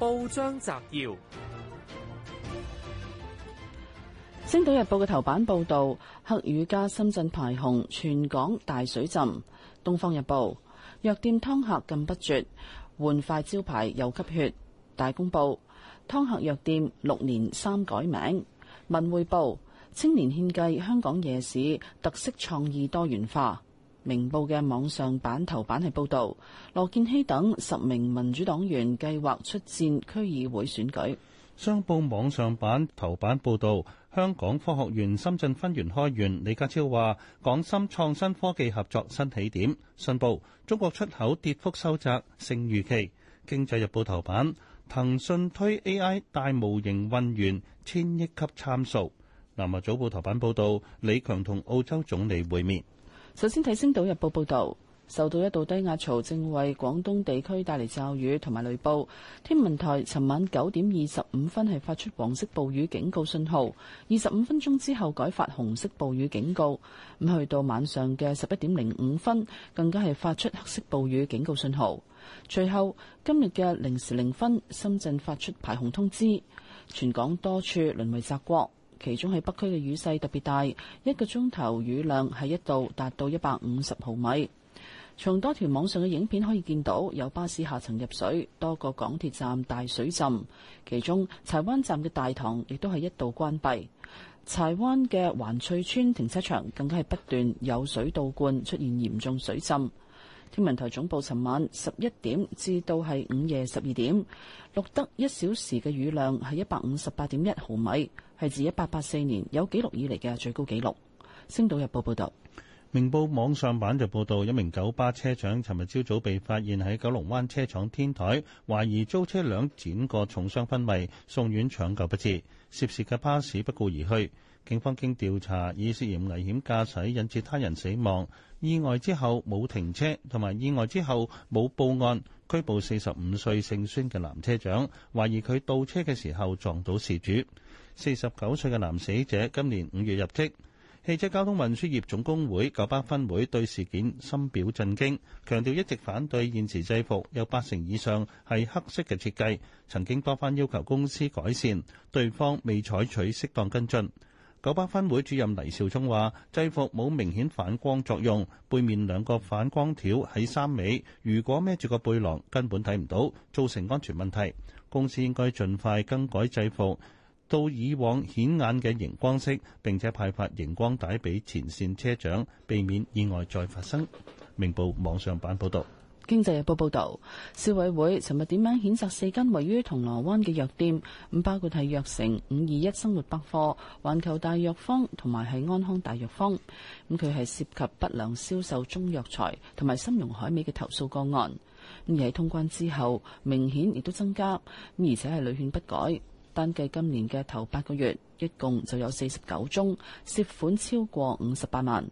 報章摘要：《星島日報》嘅頭版報道，黑雨加深圳排洪，全港大水浸。《東方日報》藥店劏客禁不絕，換塊招牌又吸血。大公報劏客藥店六年三改名。文匯報青年獻計，香港夜市特色創意多元化。明報嘅網上版頭版係報道羅健熙等十名民主黨員計劃出戰區議會選舉。商報網上版頭版報道，香港科學園深圳分園開園李家超話，港深創新科技合作新起點。信報中國出口跌幅收窄，勝預期。經濟日報頭版，騰訊推 AI 大模型混元千億級參數。南華早報頭版報道，李強同澳洲總理會面。首先睇《星島日報》報道，受到一道低壓槽正為廣東地區帶嚟驟雨同埋雷暴。天文台尋晚九點二十五分係發出黃色暴雨警告信號，二十五分鐘之後改發紅色暴雨警告。咁去到晚上嘅十一點零五分，更加係發出黑色暴雨警告信號。隨後今日嘅零時零分，深圳發出排洪通知，全港多處淪為澤國。其中喺北區嘅雨勢特別大，一個鐘頭雨量係一度達到一百五十毫米。從多條網上嘅影片可以見到，有巴士下層入水，多個港鐵站大水浸，其中柴灣站嘅大堂亦都係一度關閉。柴灣嘅環翠村停車場更加係不斷有水倒灌，出現嚴重水浸。天文台總部尋晚十一點至到係午夜十二點，錄得一小時嘅雨量係一百五十八點一毫米，係自一八八四年有記錄以嚟嘅最高紀錄。星島日報報道，明報網上版就報導一名九巴車長，尋日朝早被發現喺九龍灣車廠天台，懷疑遭車輛輾過重傷昏迷，送院搶救不治，涉事嘅巴士不顧而去。警方經調查，以涉嫌危險駕駛引致他人死亡、意外之後冇停車，同埋意外之後冇報案，拘捕四十五歲姓孫嘅男車長，懷疑佢倒車嘅時候撞到事主。四十九歲嘅男死者今年五月入職。汽車交通運輸業總工會九巴分會對事件深表震驚，強調一直反對現時制服有八成以上係黑色嘅設計，曾經多番要求公司改善，對方未採取適當跟進。九巴分會主任黎兆忠話制服冇明顯反光作用，背面兩個反光條喺衫尾，如果孭住個背囊根本睇唔到，造成安全問題，公司應該盡快更改制服到以往顯眼嘅熒光色，並且派發熒光帶俾前線車長，避免意外再發生。明報網上版報道。經濟日報報道，消委會尋日點名譴責四間位於銅鑼灣嘅藥店，咁包括係藥城、五二一生活百貨、環球大藥房同埋係安康大藥房，咁佢係涉及不良銷售中藥材同埋參茸海味嘅投訴個案，而喺通關之後明顯亦都增加，而且係屢勸不改，單計今年嘅頭八個月，一共就有四十九宗，涉款超過五十八萬。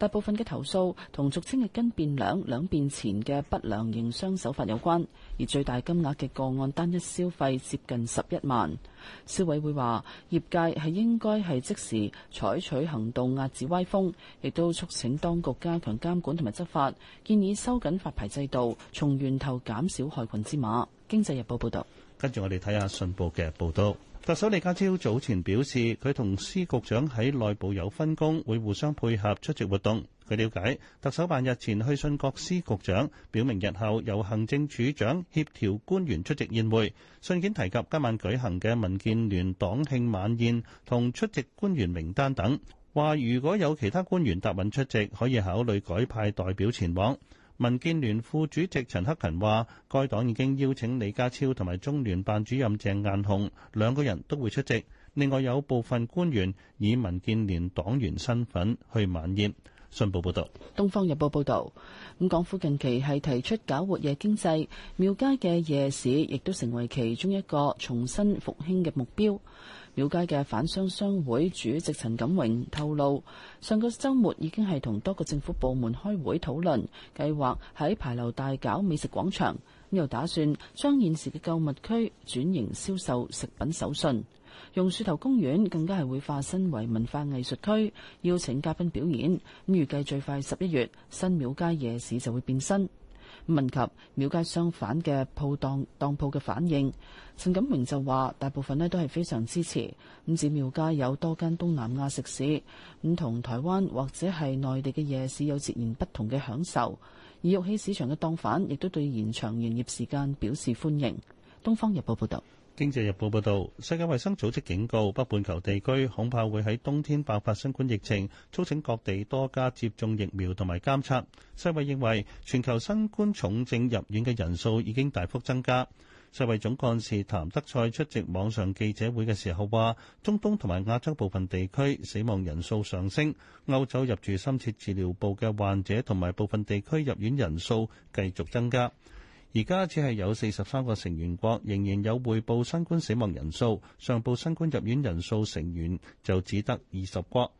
大部分嘅投訴同俗稱嘅斤變兩兩變錢嘅不良營商手法有關，而最大金額嘅個案單一消費接近十一萬。消委會話，業界係應該係即時採取行動壓止歪風，亦都促請當局加強監管同埋執法，建議收緊發牌制度，從源頭減少害群之馬。經濟日報報道，跟住我哋睇下信報嘅報道。特首李家超早前表示，佢同司局長喺內部有分工，會互相配合出席活動。據了解，特首辦日前去信各司局長，表明日後由行政署長協調官員出席宴會。信件提及今晚舉行嘅民建聯黨慶晚宴同出席官員名單等，話如果有其他官員答允出席，可以考慮改派代表前往。民建聯副主席陳克勤話，該黨已經邀請李家超同埋中聯辦主任鄭雁雄兩個人都會出席。另外有部分官員以民建聯黨員身份去晚宴。信報報道，東方日報報道，咁港府近期係提出搞活夜經濟，廟街嘅夜市亦都成為其中一個重新復興嘅目標。廟街嘅反商商會主席陳錦榮透露，上個周末已經係同多個政府部門開會討論，計劃喺牌樓大搞美食廣場，又打算將現時嘅購物區轉型銷售食品手信。榕樹頭公園更加係會化身為文化藝術區，邀請嘉賓表演。預計最快十一月，新廟街夜市就會變身。問及廟街相反嘅鋪檔、當鋪嘅反應，陳錦榮就話：大部分呢都係非常支持。唔止廟街有多間東南亞食肆，唔、嗯、同台灣或者係內地嘅夜市有截然不同嘅享受。而玉器市場嘅檔販亦都對延長營業時間表示歡迎。《東方日報》報道。經濟日報報導，世界衛生組織警告北半球地區恐怕會喺冬天爆發新冠疫情，促請各地多加接種疫苗同埋監測。世衛認為全球新冠重症入院嘅人數已經大幅增加。世衛總幹事譚德塞出席網上記者會嘅時候話，中東同埋亞洲部分地區死亡人數上升，歐洲入住深切治療部嘅患者同埋部分地區入院人數繼續增加。而家只係有四十三個成員國仍然有匯報新冠死亡人數，上報新冠入院人數成員就只得二十國。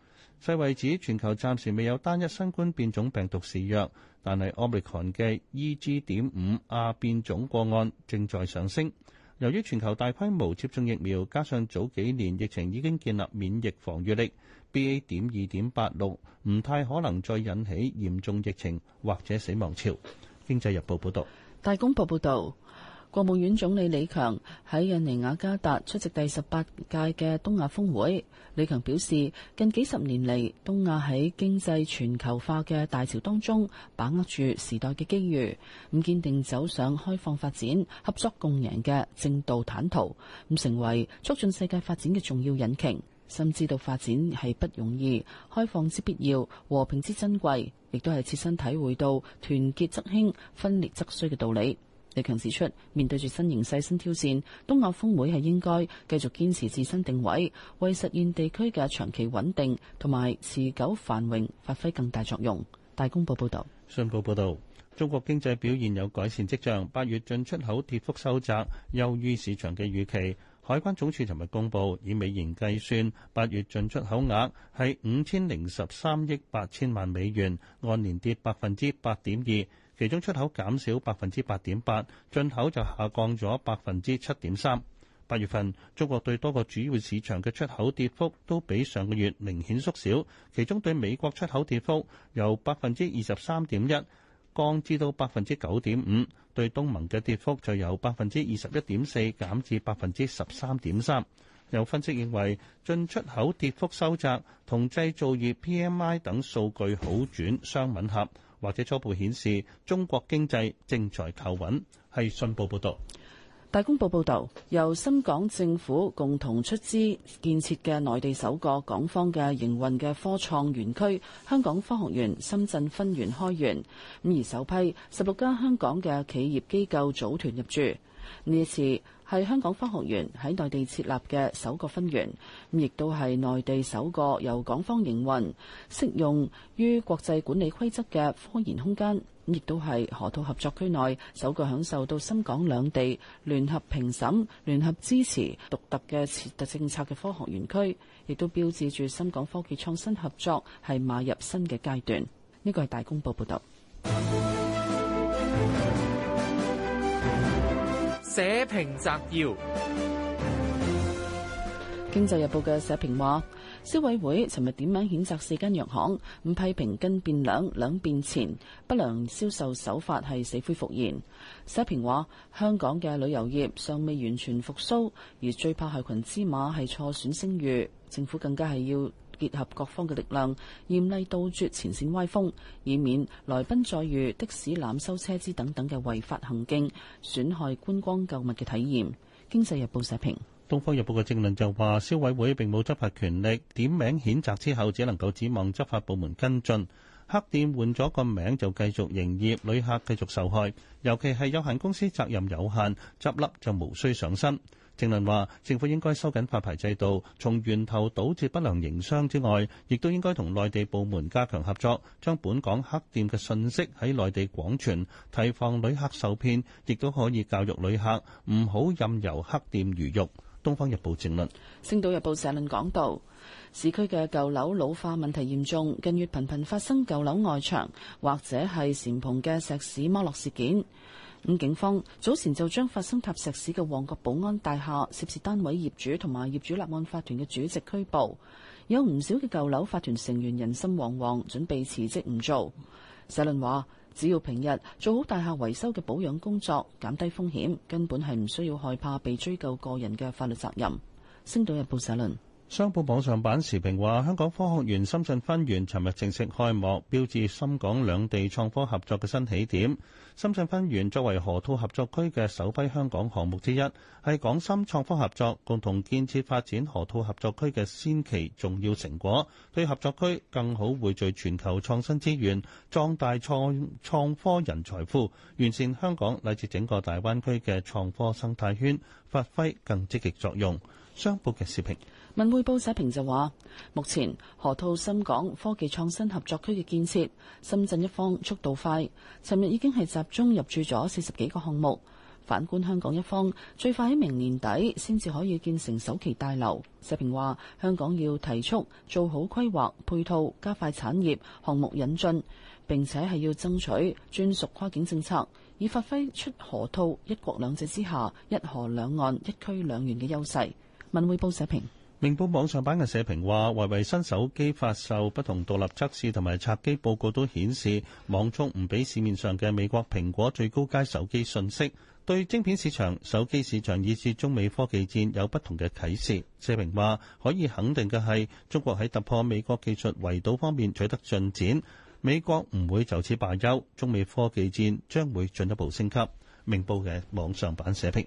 世衞指全球暫時未有單一新冠變種病毒肆虐，但係奧密克戎嘅 E.G. 點五亞變種個案正在上升。由於全球大規模接種疫苗，加上早幾年疫情已經建立免疫防禦力，B.A. 點二點八六唔太可能再引起嚴重疫情或者死亡潮。經濟日報報導。大公報報導，國務院總理李強喺印尼雅加達出席第十八屆嘅東亞峰會。李強表示，近幾十年嚟，東亞喺經濟全球化嘅大潮當中，把握住時代嘅機遇，咁堅定走上開放發展、合作共贏嘅正道坦途，咁成為促進世界發展嘅重要引擎。深知道發展係不容易，開放之必要，和平之珍貴，亦都係切身體會到團結則興，分裂則衰嘅道理。李強指出，面對住新形勢、新挑戰，東亞峰會係應該繼續堅持自身定位，為實現地區嘅長期穩定同埋持久繁榮發揮更大作用。大公報報道。信報報道，中國經濟表現有改善跡象，八月進出口跌幅收窄，優於市場嘅預期。海關總署尋日公布，以美元計算，八月進出口額係五千零十三億八千萬美元，按年跌百分之八點二。其中出口減少百分之八點八，進口就下降咗百分之七點三。八月份中國對多個主要市場嘅出口跌幅都比上個月明顯縮小，其中對美國出口跌幅由百分之二十三點一降至到百分之九點五。對東盟嘅跌幅就由百分之二十一點四減至百分之十三點三，有分析認為進出口跌幅收窄同製造業 PMI 等數據好轉相吻合，或者初步顯示中國經濟正在求穩，係信報報道。大公報報導，由深港政府共同出資建設嘅內地首個港方嘅營運嘅科創園區——香港科學園深圳分園開園，咁而首批十六間香港嘅企業機構組團入駐。呢一次係香港科學園喺內地設立嘅首個分園，亦都係內地首個由港方營運、適用於國際管理規則嘅科研空間。亦都係河套合作區內首個享受到深港兩地聯合評審、聯合支持、獨特嘅特政策嘅科學園區，亦都標誌住深港科技創新合作係邁入新嘅階段。呢、這個係大公報報導。社評摘要：經濟日報嘅社評話。消委會尋日點名譴責四間藥行，唔批評斤變兩兩變前不良銷售手法係死灰復燃。社評話香港嘅旅遊業尚未完全復蘇，而最怕係害群之馬係錯損聲譽，政府更加係要結合各方嘅力量，嚴厲杜絕前綫歪風，以免來賓再遇的士濫收車資等等嘅違法行徑，損害觀光購物嘅體驗。經濟日報社評。《東方日報》嘅正論就話，消委會並冇執法權力，點名譴責之後，只能夠指望執法部門跟進。黑店換咗個名就繼續營業，旅客繼續受害。尤其係有限公司責任有限，執笠就無需上身。正論話，政府應該收緊發牌制度，從源頭堵截不良營商之外，亦都應該同內地部門加強合作，將本港黑店嘅信息喺內地廣傳，提防旅客受騙，亦都可以教育旅客唔好任由黑店魚肉。《東方日報》正論，《星島日報》社論講道：市區嘅舊樓老化問題嚴重，近月頻頻發生舊樓外牆或者係檐篷嘅石屎剝落事件。咁警方早前就將發生塌石屎嘅旺角保安大廈涉事單位業主同埋業主立案法團嘅主席拘捕，有唔少嘅舊樓法團成員人心惶惶，準備辭職唔做。社論話，只要平日做好大廈維修嘅保養工作，減低風險，根本係唔需要害怕被追究個人嘅法律責任。星島日報社論。商報網上版時評話：香港科學園深圳分園尋日正式開幕，標誌深港兩地創科合作嘅新起點。深圳分園作為河套合作區嘅首批香港項目之一，係港深創科合作共同建設發展河套合作區嘅先期重要成果，對合作區更好匯聚全球創新資源、壯大創創科人財富、完善香港乃至整個大灣區嘅創科生態圈，發揮更積極作用。商報嘅時評。文匯報社評就話：目前河套深港科技創新合作區嘅建設，深圳一方速度快，尋日已經係集中入駐咗四十幾個項目。反觀香港一方，最快喺明年底先至可以建成首期大樓。社評話：香港要提速，做好規劃配套，加快產業項目引進，並且係要爭取專屬跨境政策，以發揮出河套一國兩制之下一河兩岸一區兩園嘅優勢。文匯報社評。明報網上版嘅社評話：維維新手機發售，不同獨立測試同埋拆機報告都顯示網速唔比市面上嘅美國蘋果最高階手機遜色。對晶片市場、手機市場以至中美科技戰有不同嘅啟示。社評話：可以肯定嘅係，中國喺突破美國技術圍堵方面取得進展。美國唔會就此罷休，中美科技戰將會進一步升級。明報嘅網上版社評。